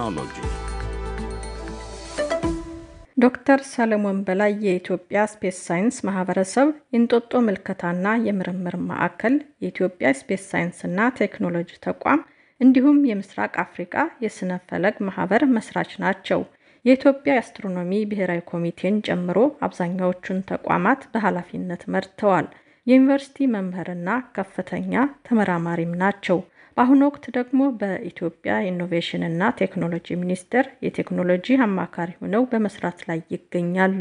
ቴክኖሎጂ ዶክተር ሰለሞን በላይ የኢትዮጵያ ስፔስ ሳይንስ ማህበረሰብ የእንጦጦ ምልከታና የምርምር ማዕከል፣ የኢትዮጵያ ስፔስ ሳይንስና ቴክኖሎጂ ተቋም እንዲሁም የምስራቅ አፍሪቃ የስነ ፈለግ ማህበር መስራች ናቸው። የኢትዮጵያ የአስትሮኖሚ ብሔራዊ ኮሚቴን ጨምሮ አብዛኛዎቹን ተቋማት በኃላፊነት መርተዋል። የዩኒቨርሲቲ መምህርና ከፍተኛ ተመራማሪም ናቸው። በአሁኑ ወቅት ደግሞ በኢትዮጵያ ኢኖቬሽን እና ቴክኖሎጂ ሚኒስቴር የቴክኖሎጂ አማካሪ ሆነው በመስራት ላይ ይገኛሉ።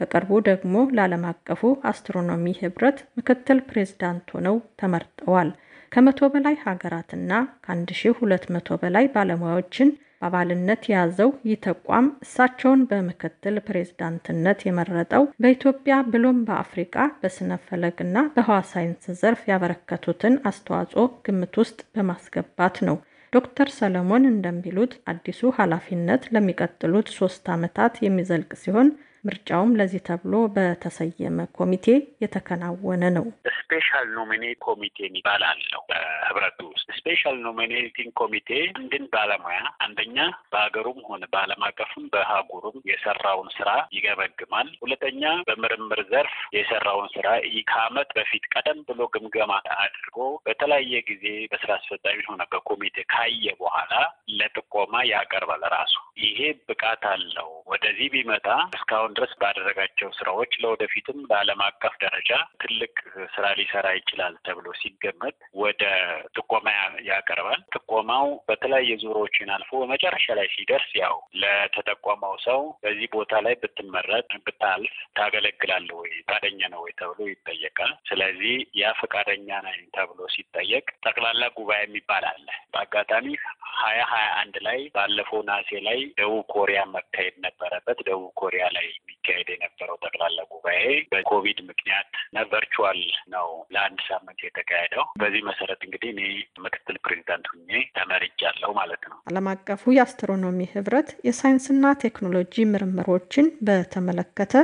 በቅርቡ ደግሞ ለዓለም አቀፉ አስትሮኖሚ ህብረት ምክትል ፕሬዝዳንት ሆነው ተመርጠዋል። ከመቶ በላይ ሀገራትና ከ1200 በላይ ባለሙያዎችን በአባልነት የያዘው ይህ ተቋም እሳቸውን በምክትል ፕሬዝዳንትነት የመረጠው በኢትዮጵያ ብሎም በአፍሪቃ በስነ ፈለግና በህዋ ሳይንስ ዘርፍ ያበረከቱትን አስተዋጽኦ ግምት ውስጥ በማስገባት ነው። ዶክተር ሰለሞን እንደሚሉት አዲሱ ኃላፊነት ለሚቀጥሉት ሶስት ዓመታት የሚዘልቅ ሲሆን ምርጫውም ለዚህ ተብሎ በተሰየመ ኮሚቴ የተከናወነ ነው። ስፔሻል ኖሚኔት ኮሚቴ የሚባል አለው በህብረቱ ውስጥ። ስፔሻል ኖሚኔቲንግ ኮሚቴ አንድን ባለሙያ አንደኛ በሀገሩም ሆነ በዓለም አቀፍም በሀጉሩም የሰራውን ስራ ይገመግማል። ሁለተኛ በምርምር ዘርፍ የሰራውን ስራ ከአመት በፊት ቀደም ብሎ ግምገማ አድርጎ በተለያየ ጊዜ በስራ አስፈጻሚ ሆነ በኮሚቴ ካየ በኋላ ለጥቆማ ያቀርባል። ራሱ ይሄ ብቃት አለው ወደዚህ ቢመጣ እስካሁን ድረስ ባደረጋቸው ስራዎች ለወደፊትም በዓለም አቀፍ ደረጃ ትልቅ ስራ ሊሰራ ይችላል ተብሎ ሲገመት ወደ ጥቆማ ያቀርባል። ጥቆማው በተለያየ ዙሮዎችን አልፎ በመጨረሻ ላይ ሲደርስ ያው ለተጠቆመው ሰው በዚህ ቦታ ላይ ብትመረጥ ብታልፍ ታገለግላለ ወይ ፈቃደኛ ነው ወይ ተብሎ ይጠየቃል። ስለዚህ ያ ፈቃደኛ ነኝ ተብሎ ሲጠየቅ ጠቅላላ ጉባኤ የሚባል አለ። በአጋጣሚ ሀያ ሀያ አንድ ላይ ባለፈው ናሴ ላይ ደቡብ ኮሪያ መካሄድ ነበር የነበረበት ደቡብ ኮሪያ ላይ የሚካሄድ የነበረው ጠቅላላ ጉባኤ በኮቪድ ምክንያት ቨርቹዋል ነው ለአንድ ሳምንት የተካሄደው። በዚህ መሰረት እንግዲህ እኔ ምክትል ፕሬዚዳንት ሁኜ ተመርጫለሁ ማለት ነው። ዓለም አቀፉ የአስትሮኖሚ ህብረት የሳይንስና ቴክኖሎጂ ምርምሮችን በተመለከተ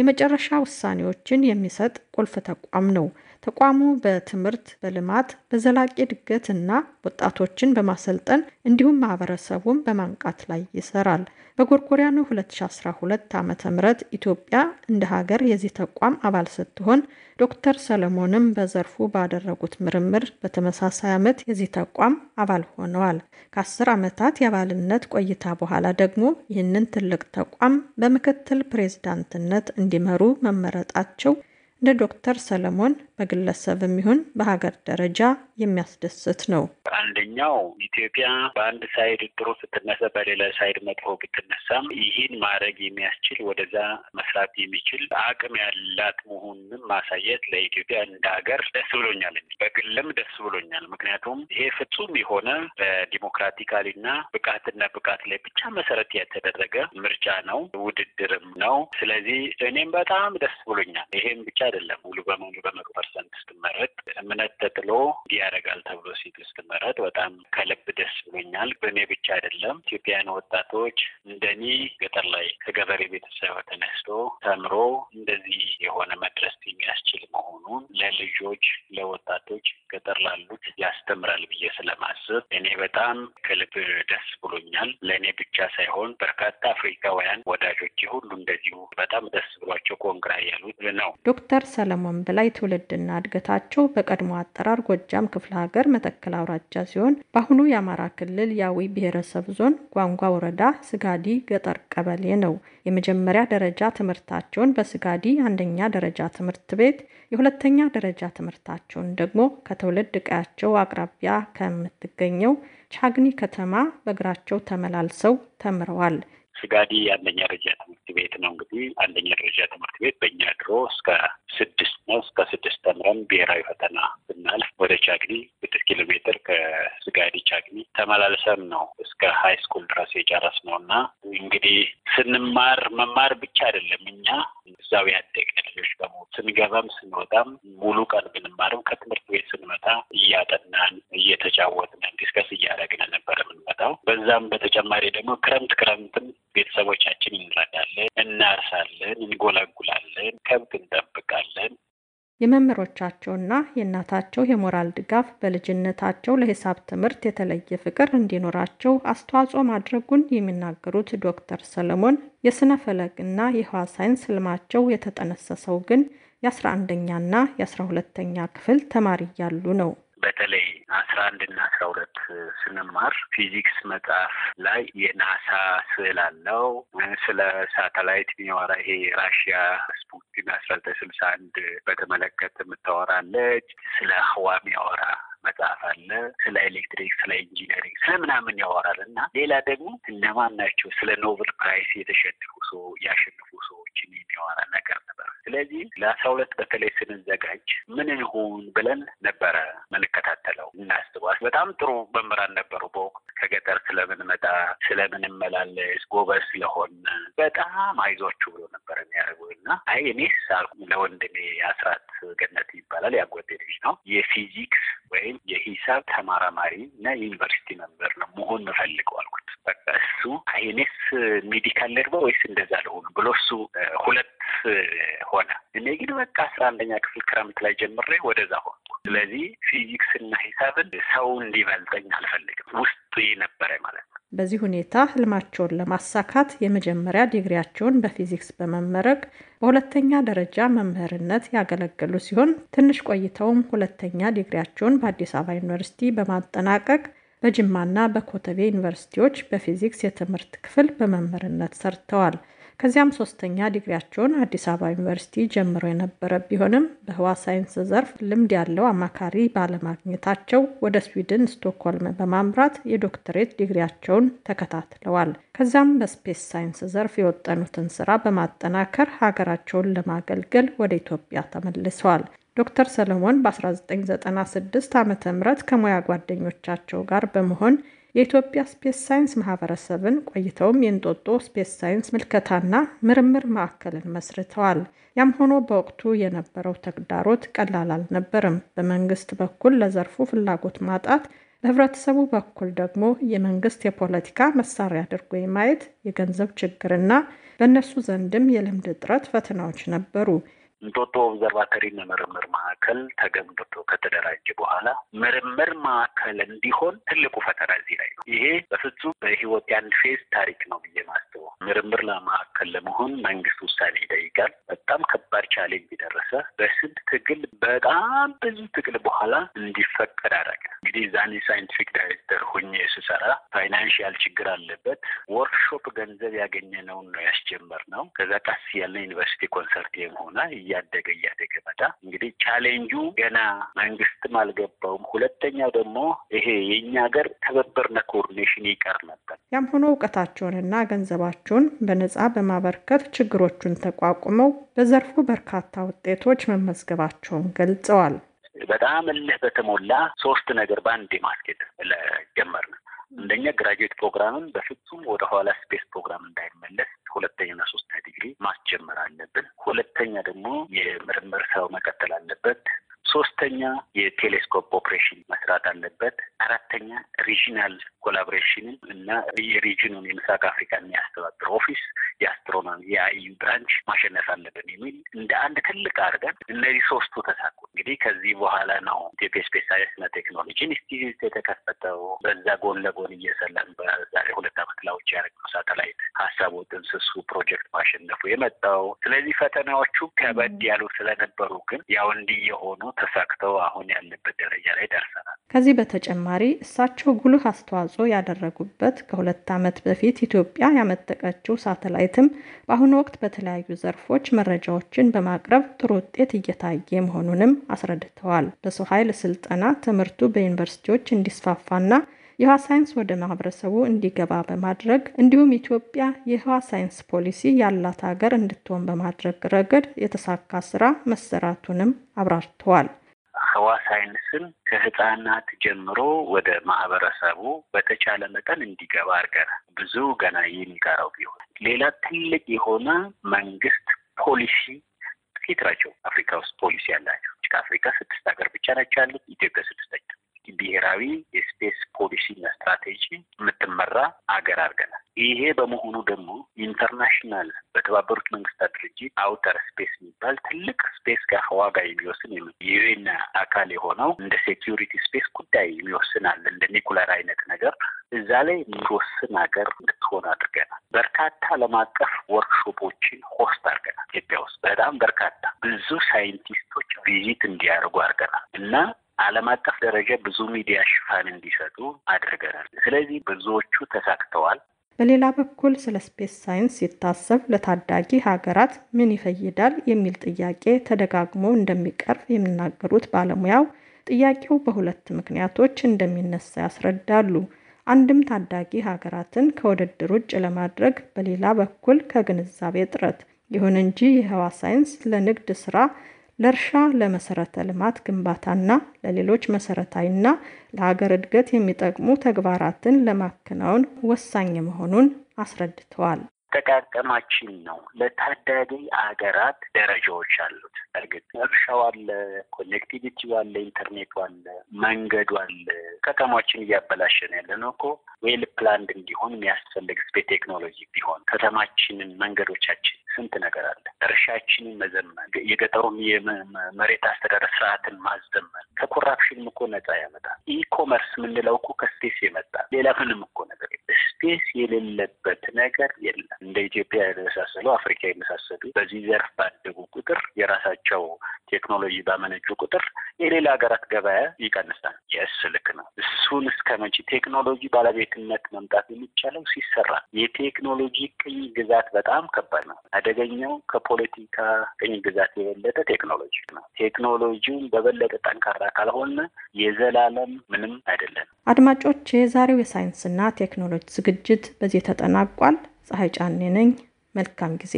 የመጨረሻ ውሳኔዎችን የሚሰጥ ቁልፍ ተቋም ነው። ተቋሙ በትምህርት፣ በልማት፣ በዘላቂ እድገት እና ወጣቶችን በማሰልጠን እንዲሁም ማህበረሰቡን በማንቃት ላይ ይሰራል። በጎርጎሪያኑ 2012 ዓ ም ኢትዮጵያ እንደ ሀገር የዚህ ተቋም አባል ስትሆን ዶክተር ሰለሞንም በዘርፉ ባደረጉት ምርምር በተመሳሳይ ዓመት የዚህ ተቋም አባል ሆነዋል። ከአስር ዓመታት የአባልነት ቆይታ በኋላ ደግሞ ይህንን ትልቅ ተቋም በምክትል ፕሬዝዳንትነት እንዲመሩ መመረጣቸው እንደ ዶክተር ሰለሞን በግለሰብ የሚሆን በሀገር ደረጃ የሚያስደስት ነው። አንደኛው ኢትዮጵያ በአንድ ሳይድ ጥሩ ስትነሳ፣ በሌላ ሳይድ መጥፎ ብትነሳም ይህን ማድረግ የሚያስችል ወደዛ መስራት የሚችል አቅም ያላት መሆኑንም ማሳየት ለኢትዮጵያ እንደ ሀገር ደስ ብሎኛል። በግልም ደስ ብሎኛል። ምክንያቱም ይሄ ፍጹም የሆነ በዲሞክራቲካሊና ብቃትና ብቃት ላይ ብቻ መሰረት ያተደረገ ምርጫ ነው፣ ውድድርም ነው። ስለዚህ እኔም በጣም ደስ ብሎኛል። ይሄም ብቻ አይደለም ሙሉ በሙሉ በመቶ ፐርሰንት ስትመረጥ እምነት ተጥሎ እንዲህ ያደርጋል ተብሎ ሲት ስትመረጥ በጣም ከልብ ደስ ብሎኛል። በእኔ ብቻ አይደለም ኢትዮጵያውያን ወጣቶች እንደኔ ገጠር ላይ ከገበሬ ቤተሰብ ተነስቶ ተምሮ እንደዚህ የሆነ መድረስ የሚያስችል መሆኑን ለልጆች ለወጣቶች ገጠር ላሉት ያስተምራል ብዬ ስለማስብ እኔ በጣም ከልብ ደስ ብሎኛል። ለእኔ ብቻ ሳይሆን በርካታ አፍሪካውያን ወዳጆች ሁሉ እንደዚሁ በጣም ደስ ብሏቸው ኮንግራ ያሉት ነው። ዶክተር ሰለሞን በላይ ትውልድና እድገታቸው በቀድሞ አጠራር ጎጃም ክፍለ ሀገር መተከል አውራጃ ሲሆን በአሁኑ የአማራ ክልል የአዊ ብሔረሰብ ዞን ጓንጓ ወረዳ ስጋዲ ገጠር ቀበሌ ነው። የመጀመሪያ ደረጃ ትምህርታቸውን በስጋዲ አንደኛ ደረጃ ትምህርት ቤት፣ የሁለተኛ ደረጃ ትምህርታቸውን ደግሞ ከ ከትውልድ ቀያቸው አቅራቢያ ከምትገኘው ቻግኒ ከተማ በእግራቸው ተመላልሰው ተምረዋል። ስጋዲ አንደኛ ደረጃ ትምህርት ቤት ነው። እንግዲህ አንደኛ ደረጃ ትምህርት ቤት በእኛ ድሮ እስከ ስድስት ነው። እስከ ስድስት ተምረን ብሔራዊ ፈተና ብናልፍ ወደ ቻግኒ ስድስት ኪሎ ሜትር ከስጋዲ ቻግኒ ተመላልሰን ነው እስከ ሀይ ስኩል ድረስ ነው እና እንግዲህ ስንማር መማር ብቻ አይደለም እኛ እዛው ያደግን ልጆች ደግሞ ስንገባም ስንወጣም ሙሉ ቀን ብንማርም ከትምህርት ቤት ስንመጣ እያጠናን እየተጫወትን ዲስከስ እያደረግን ነበር የምንመጣው። በዛም በተጨማሪ ደግሞ ክረምት ክረምትም ቤተሰቦቻችን እንረዳለን፣ እናርሳለን፣ እንጎለጉላለን፣ ከብት እንጠብቃለን። የመምህሮቻቸውና የእናታቸው የሞራል ድጋፍ በልጅነታቸው ለሂሳብ ትምህርት የተለየ ፍቅር እንዲኖራቸው አስተዋጽኦ ማድረጉን የሚናገሩት ዶክተር ሰለሞን የሥነ ፈለግና የህዋ ሳይንስ ህልማቸው የተጠነሰሰው ግን የ11ኛና የ12ኛ ክፍል ተማሪ እያሉ ነው። በተለይ አስራ አንድ እና አስራ ሁለት ስንማር ፊዚክስ መጽሐፍ ላይ የናሳ ስዕል አለው። ስለ ሳተላይት የሚያወራ ይሄ ራሽያ ስፑቲን አስራ ዘጠኝ ስልሳ አንድ በተመለከተ የምታወራለች። ስለ ህዋ የሚያወራ መጽሐፍ አለ። ስለ ኤሌክትሪክ፣ ስለ ኢንጂነሪንግ፣ ስለ ምናምን ያወራል እና ሌላ ደግሞ እነማን ናቸው ስለ ኖብል ፕራይስ የተሸነፉ ሰው ያሸነፉ ሰዎችን የሚያወራ ነገር ነበር። ስለዚህ ለአስራ ሁለት በተለይ ስንዘጋጅ ምን ይሁን ብለን ነበረ ምንከታተለው እናስባል። በጣም ጥሩ መምህራን ነበሩ በወቅት ከገጠር ስለምንመጣ ስለምንመላለስ ጎበዝ ስለሆን በጣም አይዟችሁ ብሎ ነበር የሚያደርጉ እና አይ እኔስ ለወንድሜ አስራት ገነት ይባላል ያጎቴ ልጅ ነው የፊዚክስ ወይም የሂሳብ ተመራማሪ እና የዩኒቨርሲቲ መምህር ነው መሆን ምፈልገው አልኩት። በቃ እሱ አይኔስ ሜዲካል ልግባ ወይስ እንደዛ ልሆን ብሎ እሱ ሁለት ሆነ። እኔ ግን በቃ አስራ አንደኛ ክፍል ክረምት ላይ ጀምሬ ወደዛ ሆን ስለዚህ ፊዚክስና ሂሳብን ሰው እንዲበልጠኝ አልፈልግም ውስጥ ነበረ ማለት ነው። በዚህ ሁኔታ ህልማቸውን ለማሳካት የመጀመሪያ ዲግሪያቸውን በፊዚክስ በመመረቅ በሁለተኛ ደረጃ መምህርነት ያገለገሉ ሲሆን ትንሽ ቆይተውም ሁለተኛ ዲግሪያቸውን በአዲስ አበባ ዩኒቨርሲቲ በማጠናቀቅ በጅማና በኮተቤ ዩኒቨርሲቲዎች በፊዚክስ የትምህርት ክፍል በመምህርነት ሰርተዋል። ከዚያም ሶስተኛ ዲግሪያቸውን አዲስ አበባ ዩኒቨርሲቲ ጀምሮ የነበረ ቢሆንም በህዋ ሳይንስ ዘርፍ ልምድ ያለው አማካሪ ባለማግኘታቸው ወደ ስዊድን ስቶክሆልም በማምራት የዶክተሬት ዲግሪያቸውን ተከታትለዋል። ከዚያም በስፔስ ሳይንስ ዘርፍ የወጠኑትን ስራ በማጠናከር ሀገራቸውን ለማገልገል ወደ ኢትዮጵያ ተመልሰዋል። ዶክተር ሰለሞን በ1996 ዓ ም ከሙያ ጓደኞቻቸው ጋር በመሆን የኢትዮጵያ ስፔስ ሳይንስ ማህበረሰብን ቆይተውም የእንጦጦ ስፔስ ሳይንስ ምልከታና ምርምር ማዕከልን መስርተዋል። ያም ሆኖ በወቅቱ የነበረው ተግዳሮት ቀላል አልነበርም። በመንግስት በኩል ለዘርፉ ፍላጎት ማጣት፣ በህብረተሰቡ በኩል ደግሞ የመንግስት የፖለቲካ መሳሪያ አድርጎ የማየት የገንዘብ ችግርና በእነሱ ዘንድም የልምድ እጥረት ፈተናዎች ነበሩ። እንጦጦ ኦብዘርቫተሪና ምርምር ማዕከል ተገንብቶ ከተደራጀ በኋላ ምርምር ማዕከል እንዲሆን ትልቁ ፈተና እዚህ ላይ ነው። ይሄ በፍጹም በህይወት የአንድ ፌዝ ታሪክ ነው ብዬ ማስበው ምርምር ለማዕከል ለመሆን መንግስት ውሳኔ ይጠይቃል። በጣም ከባድ ቻሌንጅ የደረሰ በስንት ትግል በጣም ብዙ ትግል በኋላ እንዲፈቀድ አደረገ። እንግዲህ ዛኔ ሳይንቲፊክ ዳይሬክተር ሁኜ ስሰራ ፋይናንሽያል ችግር አለበት። ወርክሾፕ ገንዘብ ያገኘነውን ነው ያስጀመር ነው። ከዛ ቀስ ያለ ዩኒቨርሲቲ ኮንሰርቲየም ሆነ እያደገ እያደገ መጣ። እንግዲህ ቻሌንጁ ገና መንግስትም አልገባውም። ሁለተኛው ደግሞ ይሄ የእኛ ሀገር ትብብርና ኮኦርዲኔሽን ይቀር ነበር። ያም ሆኖ እውቀታቸውንና ገንዘባቸውን በነጻ በማበርከት ችግሮቹን ተቋቁመው በዘርፉ በርካታ ውጤቶች መመዝገባቸውን ገልጸዋል። በጣም እልህ በተሞላ ሶስት ነገር በአንዴ ለጀመር ጀመርን። እንደኛ ግራጁዌት ፕሮግራምን በፍጹም ወደ ኋላ ስፔስ ፕሮግራም እንዳይመለስ ሁለተኛና ሶስተኛ ዲግሪ ማስጀመር አለብን። ሁለተኛ ደግሞ የምርምር ስራው መቀጠል አለበት። ሶስተኛ የቴሌስኮፕ ኦፕሬሽን መስራት አለበት። አራተኛ ሪጂናል ኮላቦሬሽንን እና የሪጂኑን የምስራቅ አፍሪካ የሚያስተባብር ኦፊስ የአስትሮኖሚ የአይዩ ብራንች ማሸነፍ አለብን የሚል እንደ አንድ ትልቅ አድርገን እነዚህ ሶስቱ ተሳኩ። እንግዲህ ከዚህ በኋላ ነው ኢትዮጵያ ስፔስ ሳይንስና ቴክኖሎጂ ኢንስቲትዩት የተከፈተው። በዛ ጎን ለጎን እየሰላን በዛሬ ሁለት ዓመት ላውጭ ያደረግነው ሳተላይት ሀሳቡ ጥንስሱ ፕሮጀክት ማሸነፉ የመጣው ስለዚህ ፈተናዎቹ ከበድ ያሉ ስለነበሩ ግን ያው እንዲህ የሆኑ ተሳክተው አሁን ያለበት ደረጃ ላይ ደርሰናል። ከዚህ በተጨማሪ እሳቸው ጉልህ አስተዋጽኦ ያደረጉበት ከሁለት ዓመት በፊት ኢትዮጵያ ያመጠቀችው ሳተላይትም በአሁኑ ወቅት በተለያዩ ዘርፎች መረጃዎችን በማቅረብ ጥሩ ውጤት እየታየ መሆኑንም አስረድተዋል። በሰው ኃይል ስልጠና ትምህርቱ በዩኒቨርሲቲዎች እንዲስፋፋና የህዋ ሳይንስ ወደ ማህበረሰቡ እንዲገባ በማድረግ እንዲሁም ኢትዮጵያ የህዋ ሳይንስ ፖሊሲ ያላት ሀገር እንድትሆን በማድረግ ረገድ የተሳካ ስራ መሰራቱንም አብራርተዋል። ሀዋ ሳይንስን ከህፃናት ጀምሮ ወደ ማህበረሰቡ በተቻለ መጠን እንዲገባ አድርገናል። ብዙ ገና የሚቀረው ቢሆን ሌላ ትልቅ የሆነ መንግስት ፖሊሲ ጥቂት ናቸው። አፍሪካ ውስጥ ፖሊሲ ያላቸው ከአፍሪካ ስድስት ሀገር ብቻ ናቸው ያሉት። ኢትዮጵያ ስድስተኛ ብሔራዊ የስፔስ ፖሊሲ እና ስትራቴጂ የምትመራ ሀገር አድርገናል። ይሄ በመሆኑ ደግሞ ኢንተርናሽናል በተባበሩት መንግስታት ድርጅት አውተር ስፔስ የሚባል ትልቅ ስፔስ ጋር ዋጋ የሚወስን የዩኤን አካል የሆነው እንደ ሴኪሪቲ ስፔስ ጉዳይ የሚወስናል እንደ ኒኩለር አይነት ነገር እዛ ላይ የሚወስን ሀገር እንድትሆን አድርገናል። በርካታ ዓለም አቀፍ ወርክሾፖችን ሆስት አድርገናል። ኢትዮጵያ ውስጥ በጣም በርካታ ብዙ ሳይንቲስቶች ቪዚት እንዲያደርጉ አድርገናል እና ዓለም አቀፍ ደረጃ ብዙ ሚዲያ ሽፋን እንዲሰጡ አድርገናል። ስለዚህ ብዙዎቹ ተሳክተዋል። በሌላ በኩል ስለ ስፔስ ሳይንስ ሲታሰብ ለታዳጊ ሀገራት ምን ይፈይዳል የሚል ጥያቄ ተደጋግሞ እንደሚቀርብ የሚናገሩት ባለሙያው ጥያቄው በሁለት ምክንያቶች እንደሚነሳ ያስረዳሉ። አንድም ታዳጊ ሀገራትን ከውድድር ውጭ ለማድረግ፣ በሌላ በኩል ከግንዛቤ እጥረት። ይሁን እንጂ የህዋ ሳይንስ ለንግድ ስራ ለእርሻ፣ ለመሰረተ ልማት ግንባታና ለሌሎች መሰረታዊና ለሀገር እድገት የሚጠቅሙ ተግባራትን ለማከናወን ወሳኝ መሆኑን አስረድተዋል። አጠቃቀማችን ነው። ለታዳጊ አገራት ደረጃዎች አሉት። እርግጥ እርሻው አለ፣ ኮኔክቲቪቲው አለ፣ ኢንተርኔቱ አለ፣ መንገዱ አለ። ከተማችን እያበላሸን ያለ ነው እኮ ዌል ፕላንድ እንዲሆን የሚያስፈልግ ቴክኖሎጂ ቢሆን ከተማችንን፣ መንገዶቻችን ስንት ነገር አለ። እርሻችንን መዘመን፣ የገጠሩን የመሬት አስተዳደር ስርዓትን ማዘመን ከኮራፕሽንም እኮ ነጻ ያመጣል። ኢኮመርስ የምንለው እኮ ከስፔስ የመጣ ሌላ ምንም እኮ ስፔስ የሌለበት ነገር የለም። እንደ ኢትዮጵያ የመሳሰሉ አፍሪካ የመሳሰሉ በዚህ ዘርፍ ባደጉ ቁጥር የራሳቸው ቴክኖሎጂ ባመነጩ ቁጥር የሌላ ሀገራት ገበያ ይቀንሳል። የስ ልክ ነው። እሱን እስከ መቼ ቴክኖሎጂ ባለቤትነት መምጣት የሚቻለው ሲሰራ። የቴክኖሎጂ ቅኝ ግዛት በጣም ከባድ ነው። አደገኛው ከፖለቲካ ቅኝ ግዛት የበለጠ ቴክኖሎጂ ነው። ቴክኖሎጂውን በበለጠ ጠንካራ ካልሆነ የዘላለም ምንም አይደለም። አድማጮች፣ የዛሬው የሳይንስና ቴክኖሎጂ ዝግጅት በዚህ ተጠናቋል። ፀሐይ ጫኔ ነኝ። መልካም ጊዜ